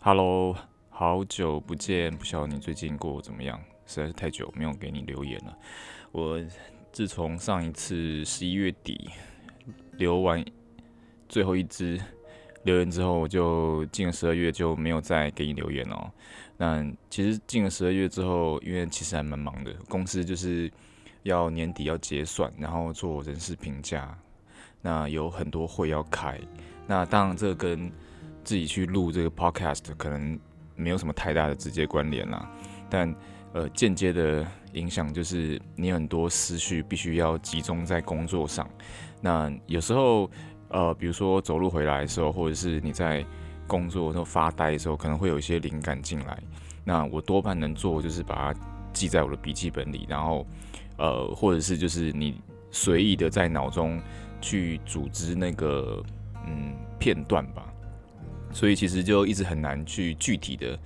哈嘍，Hello, 好久不見，不曉得你最近過得怎麼樣？實在是太久沒有給你留言了。我自從上一次十一月底留完最後一支留言之後，我就進了十二月就沒有再給你留言了喔。那其實進了十二月之後，因為其實還蠻忙的，公司就是要年底要結算，然後做人事評價，那有很多會要開。那當然，這跟自己去錄這個 podcast 可能沒有什麼太大的直接關聯啦，但呃間接的影響就是你很多思緒必須要集中在工作上。那有時候呃比如說走路回來的時候，或者是你在工作的時候發呆的時候，可能會有一些靈感進來。那我多半能做就是把它記在我的筆記本裡，然後呃或者是就是你隨意的在腦中去組織那個嗯片段吧。所以其實就一直很難去具體的，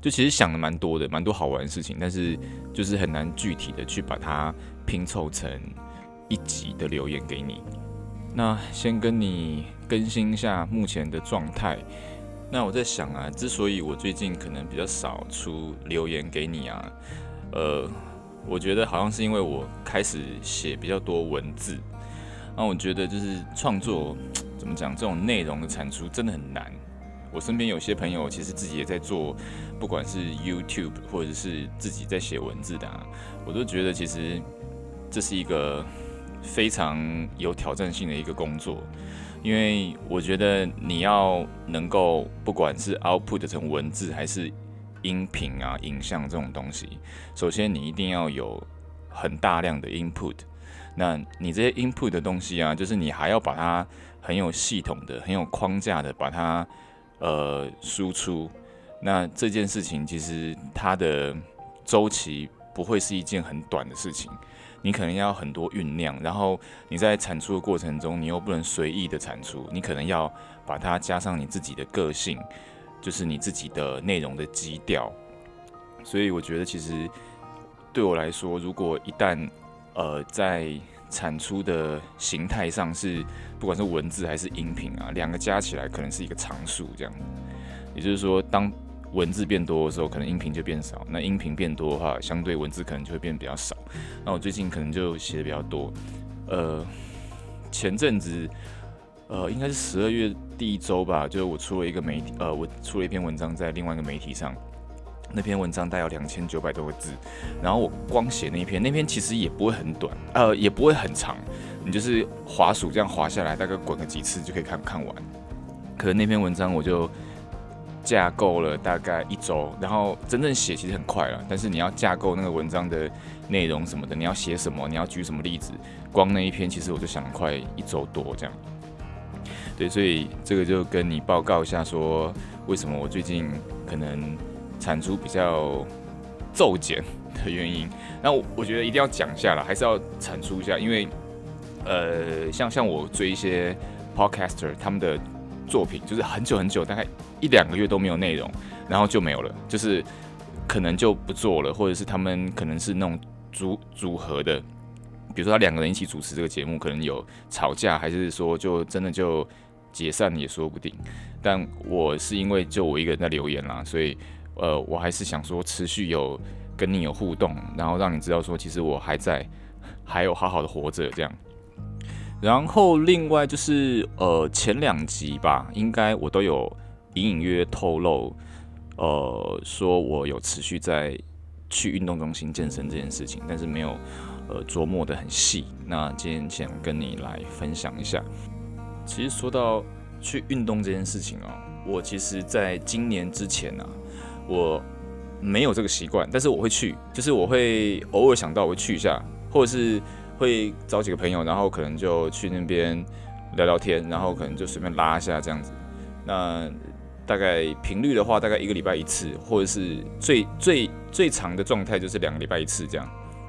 就其實想的蠻多的，蠻多好玩的事情，但是就是很難具體的去把它拼湊成一集的留言給你。那先跟你更新一下目前的狀態。那我在想啊，之所以我最近可能比較少出留言給你啊，呃，我覺得好像是因為我開始寫比較多文字，那我覺得就是創作怎麼講，這種內容的產出真的很難。我身邊有些朋友其實自己也在做，不管是 YouTube 或者是自己在寫文字的啊，我都覺得其實這是一個非常有挑戰性的一個工作，因為我覺得你要能夠不管是 output 成文字還是音頻啊、影像這種東西，首先你一定要有很大量的 input，那你這些 input 的東西啊，就是你還要把它很有系統的、很有框架的把它。呃，輸出，那這件事情其實它的週期不會是一件很短的事情，你可能要很多醞釀，然後你在產出的過程中，你又不能隨意的產出，你可能要把它加上你自己的個性，就是你自己的內容的基調，所以我覺得其實對我來說，如果一旦呃，在產出的形態上是，不管是文字還是音頻啊，兩個加起來可能是一個常數這樣子。也就是說，當文字變多的時候，可能音頻就變少；那音頻變多的話，相對文字可能就會變比較少。那我最近可能就寫的比較多。呃，前陣子，呃，應該是十二月第一周吧，就是我出了一個媒體，呃，我出了一篇文章在另外一個媒體上。那篇文章大概有兩千九百多個字，然後我光寫那一篇，那篇其實也不會很短，呃，也不會很長。你就是滑鼠這樣滑下來，大概滾個幾次就可以看看完。可能那篇文章我就架構了大概一周，然後真正寫其實很快了，但是你要架構那個文章的內容什麼的，你要寫什麼，你要舉什麼例子，光那一篇其實我就想快一周多這樣。對，所以這個就跟你報告一下，說為什麼我最近可能產出比較驟減的原因。那我，我覺得一定要講一下了，還是要產出一下，因為呃，像像我追一些 podcaster 他們的作品，就是很久很久，大概一兩個月都沒有內容，然後就沒有了，就是可能就不做了，或者是他們可能是那種組組合的，比如說他兩個人一起主持這個節目，可能有吵架，還是說就真的就解散也說不定。但我是因為就我一個人在留言啦，所以。呃，我還是想說持續有跟你有互動，然後讓你知道說其實我還在，還有好好的活着這樣。然後另外就是呃前兩集吧，應該我都有隱隱約透露，呃說我有持續在去運動中心健身這件事情，但是沒有呃琢磨得很細。那今天想跟你來分享一下，其實說到去運動這件事情喔，我其實在今年之前呢。我沒有這個習慣，但是我會去，就是我會偶爾想到我會去一下，或者是會找幾個朋友，然後可能就去那邊聊聊天，然後可能就隨便拉一下這樣子。那大概頻率的話，大概一個禮拜一次，或者是最最最長的狀態就是兩個禮拜一次這樣。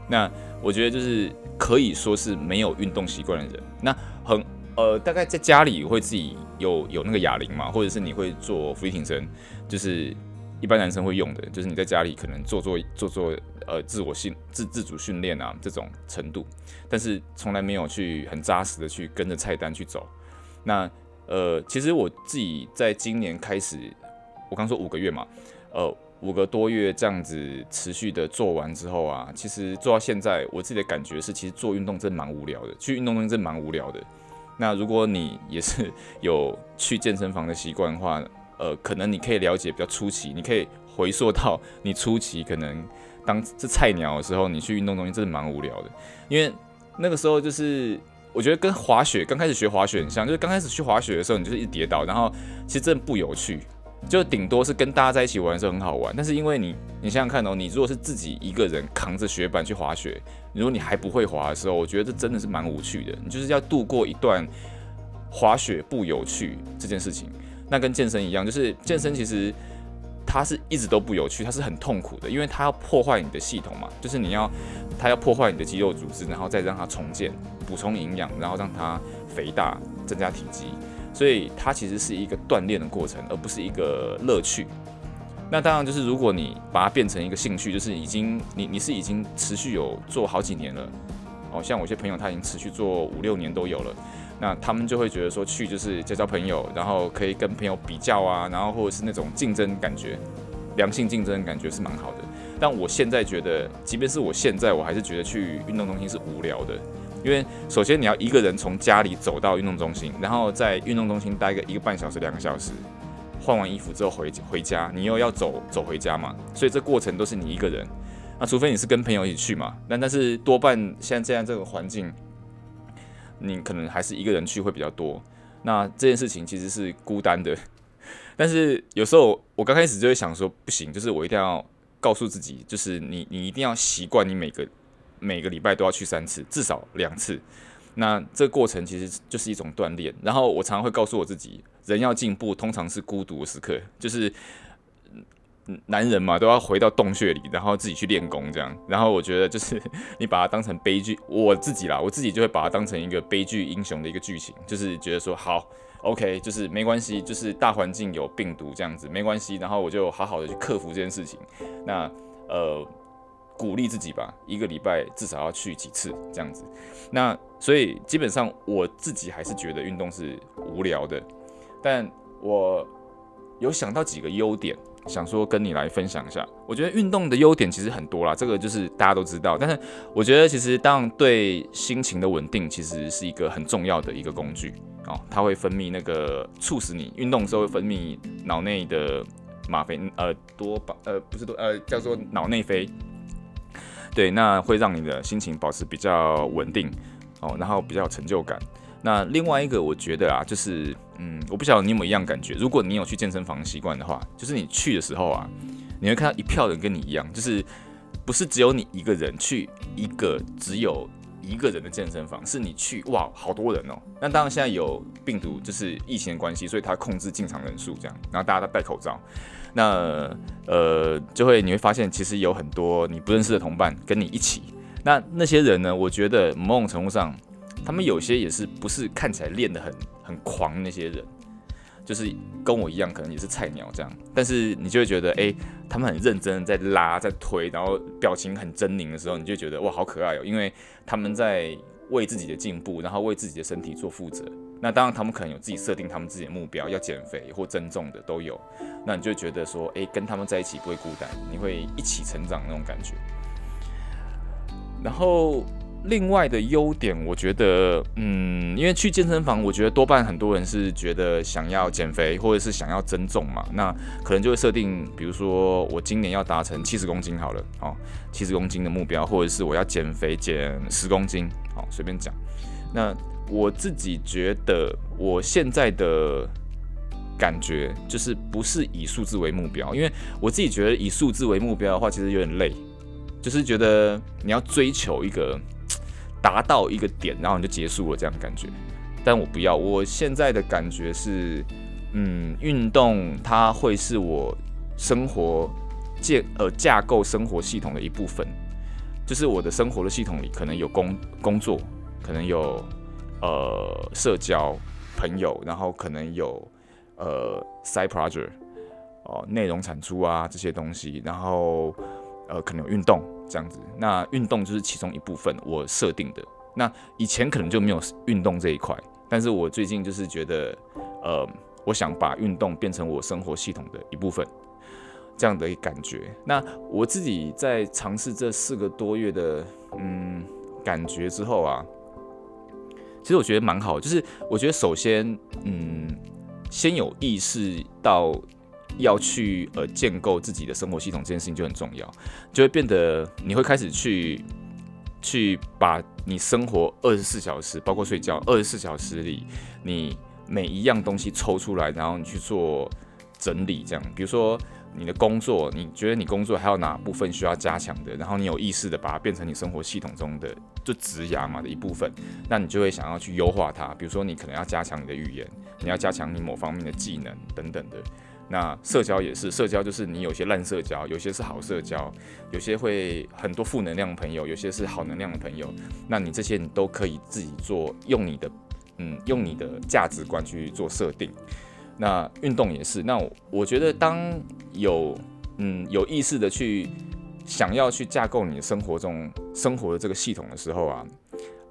那我覺得就是可以說是沒有運動習慣的人。那很呃，大概在家裡會自己有有那個啞鈴嘛，或者是你會做伏地挺身，就是。一般男生會用的，就是你在家裡可能做做做做呃自我訓自自主訓練啊這種程度，但是從來沒有去很扎實的去跟着菜單去走。那呃，其實我自己在今年開始，我剛說五個月嘛，呃五個多月這樣子持續的做完之後啊，其實做到現在我自己的感覺是，其實做運動真蠻無聊的，去運動真的蠻無聊的。那如果你也是有去健身房的習慣的話，呃，可能你可以了解比較初期，你可以回溯到你初期可能當這菜鳥的時候，你去運動東西真的蠻無聊的。因為那個時候就是我覺得跟滑雪剛開始學滑雪很像，就是剛開始去滑雪的時候，你就是一跌倒，然後其實真的不有趣，就頂多是跟大家在一起玩的時候很好玩，但是因為你你想想看哦，你如果是自己一個人扛着雪板去滑雪，如果你還不會滑的時候，我覺得這真的是蠻無趣的，你就是要度過一段滑雪不有趣這件事情。那跟健身一樣，就是健身其實它是一直都不有趣，它是很痛苦的，因為它要破壞你的系統嘛，就是你要它要破壞你的肌肉組織，然後再讓它重建、補充營養，然後讓它肥大、增加體積，所以它其實是一個鍛鍊的過程，而不是一個樂趣。那當然就是如果你把它變成一個興趣，就是已經你你是已經持續有做好幾年了哦，像我一些朋友他已經持續做五六年都有了。那他們就會覺得說去就是交交朋友，然後可以跟朋友比較啊，然後或者是那種競爭感覺，良性競爭感覺是蠻好的。但我現在覺得，即便是我現在，我還是覺得去運動中心是無聊的，因為首先你要一個人從家裡走到運動中心，然後在運動中心待個一個半小時、兩個小時，換完衣服之後回回家，你又要走走回家嘛，所以這過程都是你一個人。那除非你是跟朋友一起去嘛，那但，但是多半現在這樣這個環境。你可能還是一個人去會比較多，那這件事情其實是孤單的，但是有時候我，我剛開始就會想說，不行，就是我一定要告訴自己，就是你你一定要習慣，你每個每個禮拜都要去三次，至少兩次。那這個過程其實就是一種鍛鍊，然後我常常會告訴我自己，人要進步，通常是孤獨的時刻，就是。男人嘛，都要回到洞穴裡，然後自己去練功這樣。然後我覺得就是你把它當成悲劇，我自己啦，我自己就會把它當成一個悲劇英雄的一個劇情，就是覺得說好，OK，就是沒關係，就是大環境有病毒這樣子沒關係。然後我就好好的去克服這件事情，那呃鼓勵自己吧，一個禮拜至少要去幾次這樣子。那所以基本上我自己還是覺得運動是無聊的，但我有想到幾個優點。想說跟你來分享一下，我覺得運動的優點其實很多啦，這個就是大家都知道。但是我覺得其實當然對心情的穩定其實是一個很重要的一個工具哦，它會分泌那個促使你運動的時候會分泌腦內的嗎啡，呃多巴，呃不是多，呃叫做腦內啡。對，那會讓你的心情保持比較穩定哦，然後比較有成就感。那另外一個我覺得啊，就是。嗯，我不曉得你有沒有一樣感覺。如果你有去健身房習慣的話，就是你去的時候啊，你會看到一票人跟你一樣，就是不是只有你一個人去一個只有一個人的健身房，是你去哇，好多人哦、喔。那當然現在有病毒，就是疫情的關係，所以他控制進場人數這樣，然後大家都戴口罩，那呃就會你會發現，其實有很多你不認識的同伴跟你一起。那那些人呢？我覺得某種程度上。他們有些也是不是看起來練得很很狂那些人，就是跟我一樣可能也是菜鳥這樣，但是你就會覺得誒，他們很認真在拉在推，然後表情很猙獰的時候，你就會覺得哇，好可愛哦，因為他們在為自己的進步，然後為自己的身體做負責。那當然他們可能有自己設定他們自己的目標，要減肥或增重的都有。那你就會覺得說誒，跟他們在一起不會孤單，你會一起成長那種感覺。然後。另外的優點，我覺得，嗯，因為去健身房，我覺得多半很多人是覺得想要減肥，或者是想要增重嘛，那可能就會設定，比如說我今年要達成七十公斤好了，哦，七十公斤的目標，或者是我要減肥減十公斤，好，隨便講。那我自己覺得，我現在的感覺就是不是以數字為目標，因為我自己覺得以數字為目標的話，其實有點累，就是覺得你要追求一個。達到一個點，然後你就結束了，這樣的感覺。但我不要，我現在的感覺是，嗯，運動它會是我生活建呃架構生活系統的一部分，就是我的生活的系統裡可能有工工作，可能有呃社交朋友，然後可能有呃 side project 哦、呃、內容產出啊這些東西，然後。呃，可能有運動這樣子，那運動就是其中一部分我設定的。那以前可能就沒有運動這一塊，但是我最近就是覺得，呃，我想把運動變成我生活系統的一部分，這樣的一感覺。那我自己在嘗試這四個多月的，嗯，感覺之後啊，其實我覺得蠻好，就是我覺得首先，嗯，先有意識到。要去呃建構自己的生活系統這件事情就很重要，就會變得你會開始去去把你生活二十四小時，包括睡覺二十四小時裡，你每一樣東西抽出來，然後你去做整理。這樣，比如說你的工作，你覺得你工作還有哪部分需要加強的，然後你有意識的把它變成你生活系統中的就職涯嘛的一部分，那你就會想要去優化它。比如說你可能要加強你的語言，你要加強你某方面的技能等等的。那社交也是，社交就是你有些爛社交，有些是好社交，有些會很多負能量的朋友，有些是好能量的朋友。那你這些你都可以自己做，用你的，嗯，用你的價值觀去做設定。那運動也是，那我覺得當有，嗯，有意識的去想要去架構你生活中生活的這個系統的時候啊，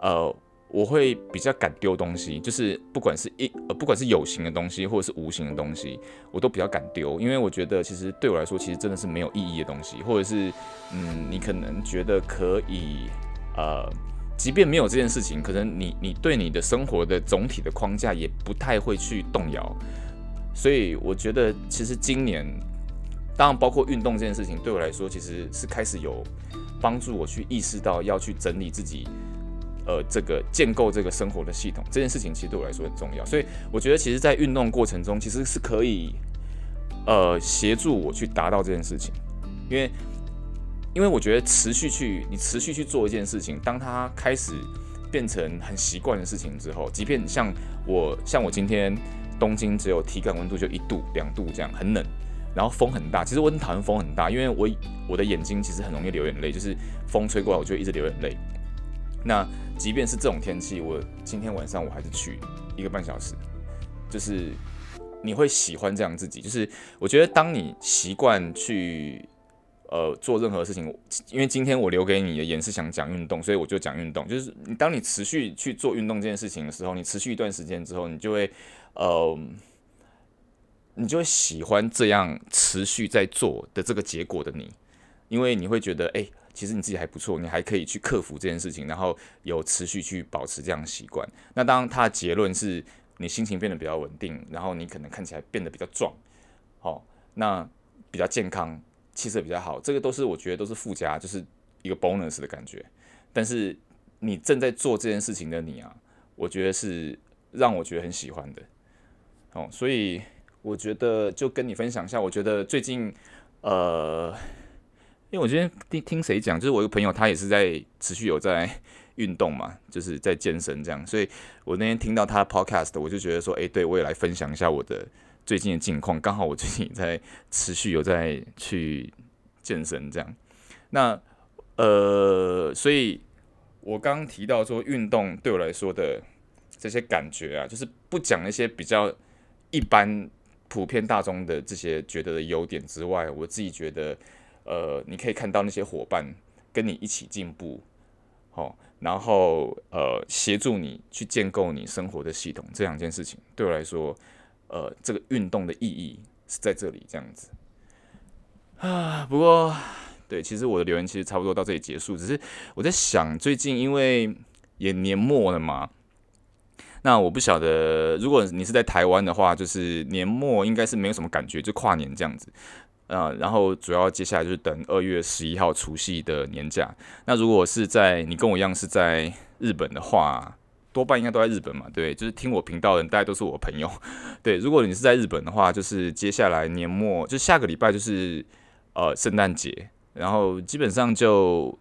呃。我會比較敢丟東西，就是不管是一呃，不管是有形的東西或者是無形的東西，我都比較敢丟，因為我覺得其實對我來說，其實真的是沒有意義的東西，或者是嗯，你可能覺得可以呃，即便沒有這件事情，可能你你對你的生活的總體的框架也不太會去動搖。所以我覺得，其實今年當然包括運動這件事情，對我來說其實是開始有幫助，我去意識到要去整理自己。呃，這個建構這個生活的系統這件事情，其實對我來說很重要，所以我覺得其實在運動過程中其實是可以呃協助我去達到這件事情，因為因為我覺得持續去你持續去做一件事情，當它開始變成很習慣的事情之後，即便像我像我今天東京只有體感溫度就一度兩度這樣很冷，然後風很大，其實我很討厭風很大，因為我我的眼睛其實很容易流眼淚，就是風吹過來我就一直流眼淚。那即便是這種天氣，我今天晚上我還是去一個半小時。就是你會喜歡這樣自己，就是我覺得當你習慣去呃做任何事情，因為今天我留給你的言是想講運動，所以我就講運動。就是你當你持續去做運動這件事情的時候，你持續一段時間之後，你就會呃，你就會喜歡這樣持續在做的這個結果的你，因為你會覺得哎。欸其實你自己還不錯，你還可以去克服這件事情，然後有持續去保持這樣的習慣。那當他的結論是你心情變得比較穩定，然後你可能看起來變得比較壯，哦，那比較健康，氣色比較好，這個都是我覺得都是附加，就是一個 bonus 的感覺。但是你正在做這件事情的你啊，我覺得是讓我覺得很喜歡的。哦，所以我覺得就跟你分享一下，我覺得最近呃。因為我今天聽聽誰講，就是我一個朋友，他也是在持續有在運動嘛，就是在健身這樣，所以我那天聽到他的 podcast，我就覺得說，哎、欸，對，我也來分享一下我的最近的近況。剛好我最近也在持續有在去健身這樣，那呃，所以我剛剛提到說運動對我來說的這些感覺啊，就是不講一些比較一般、普遍大眾的這些覺得的優點之外，我自己覺得。呃，你可以看到那些夥伴跟你一起進步，好、哦，然後呃，協助你去建構你生活的系統，這兩件事情對我來說，呃，這個運動的意義是在這裡這樣子啊。不過，對，其實我的留言其實差不多到這裡結束，只是我在想，最近因為也年末了嘛，那我不曉得，如果你是在台灣的話，就是年末應該是沒有什麼感覺，就跨年這樣子。呃、啊，然後主要接下來就是等二月十一號除夕的年假。那如果是在你跟我一樣是在日本的話，多半應該都在日本嘛，對，就是聽我頻道的人，大概都是我朋友，對。如果你是在日本的話，就是接下來年末就下個禮拜就是呃聖誕節，然後基本上就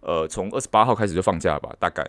呃從二十八號開始就放假吧，大概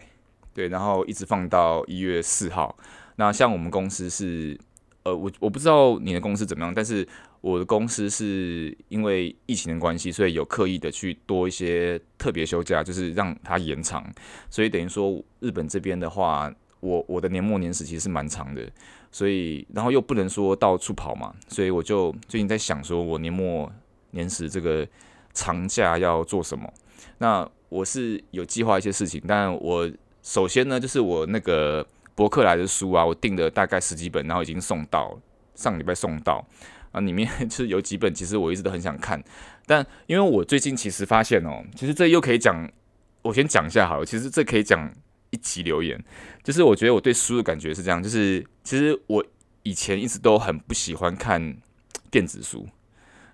對，然後一直放到一月四號。那像我們公司是。呃，我我不知道你的公司怎麼樣，但是我的公司是因為疫情的關係，所以有刻意的去多一些特別休假，就是讓它延長。所以等於說日本這邊的話，我我的年末年始其實是蠻長的，所以然後又不能說到處跑嘛，所以我就最近在想，說我年末年始這個長假要做什麼。那我是有計劃一些事情，但我首先呢，就是我那個。博客來的書啊，我訂了大概十幾本，然後已經送到，上禮拜送到，啊，裡面就是有幾本，其實我一直都很想看，但因為我最近其實發現哦，其實這又可以講，我先講一下好了，其實這可以講一集留言，就是我覺得我對書的感覺是這樣，就是其實我以前一直都很不喜歡看電子書，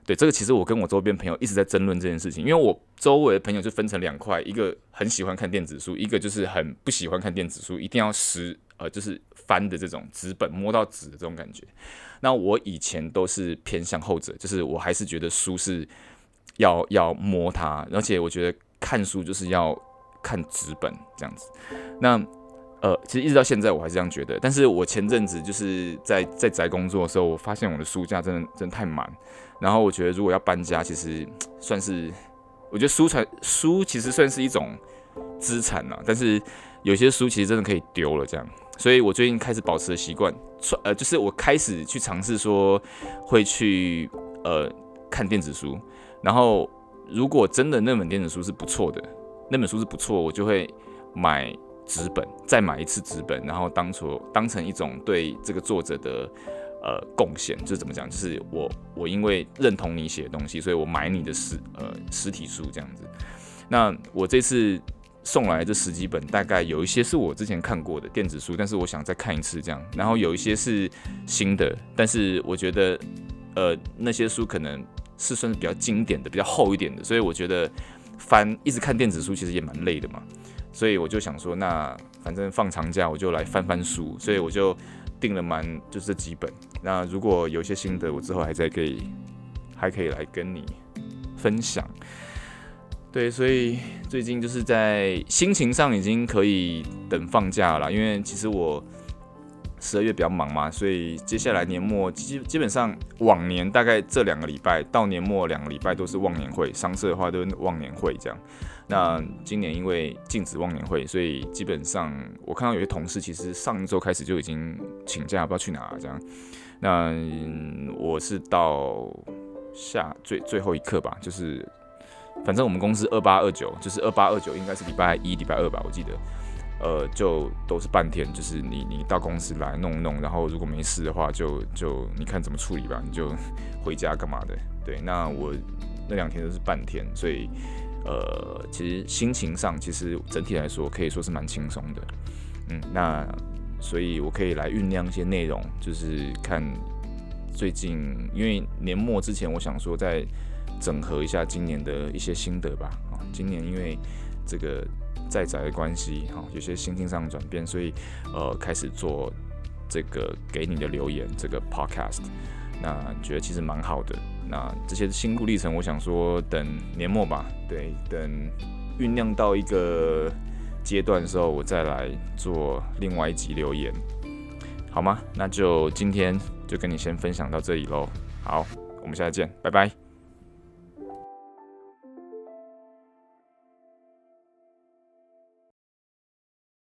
對這個其實我跟我周邊朋友一直在爭論這件事情，因為我周圍的朋友就分成兩塊，一個很喜歡看電子書，一個就是很不喜歡看電子書，一定要實。呃，就是翻的這種紙本，摸到紙的這種感覺。那我以前都是偏向後者，就是我還是覺得書是要要摸它，而且我覺得看書就是要看紙本這樣子。那呃，其實一直到現在我還是這樣覺得。但是我前陣子就是在在宅工作的時候，我發現我的書架真的真的太滿，然後我覺得如果要搬家，其實算是我覺得書才書其實算是一種資產啦。但是有些書其實真的可以丟了這樣。所以我最近開始保持了習慣，呃，就是我開始去嘗試說，會去呃看電子書，然後如果真的那本電子書是不錯的，那本書是不錯，我就會買紙本，再買一次紙本，然後當做當成一種對這個作者的呃貢獻，就怎麼講，就是我我因為認同你寫的東西，所以我買你的實呃實體書這樣子，那我這次。送來的這十幾本，大概有一些是我之前看過的電子書，但是我想再看一次這樣。然後有一些是新的，但是我覺得，呃，那些書可能是算是比較經典的、比較厚一點的，所以我覺得翻一直看電子書其實也蠻累的嘛。所以我就想說，那反正放長假我就來翻翻書，所以我就訂了蠻就是這幾本。那如果有些新的，我之後還在可以還可以來跟你分享。對，所以最近就是在心情上已經可以等放假了，因為其實我十二月比較忙嘛，所以接下來年末，基基本上往年大概這兩個禮拜到年末兩個禮拜都是忘年會，商社的話都是忘年會這樣。那今年因為禁止忘年會，所以基本上我看到有些同事其實上一周開始就已經請假，不知道去哪了這樣。那、嗯、我是到下最最後一刻吧，就是。反正我們公司二八二九就是二八二九，應該是禮拜一、禮拜二吧，我記得，呃，就都是半天，就是你你到公司來弄弄，然後如果沒事的話就，就就你看怎麼處理吧，你就回家幹嘛的。對，那我那兩天都是半天，所以呃，其實心情上其實整體來說可以說是蠻輕鬆的，嗯，那所以我可以來醞釀一些內容，就是看最近，因為年末之前，我想說在。整合一下今年的一些心得吧。啊，今年因為這個在宅的關係，哈，有些心境上的轉變，所以呃，開始做這個給你的留言這個 podcast。那覺得其實蠻好的。那這些心路歷程，我想說等年末吧，對，等醞釀到一個階段的時候，我再來做另外一集留言，好嗎？那就今天就跟你先分享到這裡嘍。好，我們下次見，拜拜。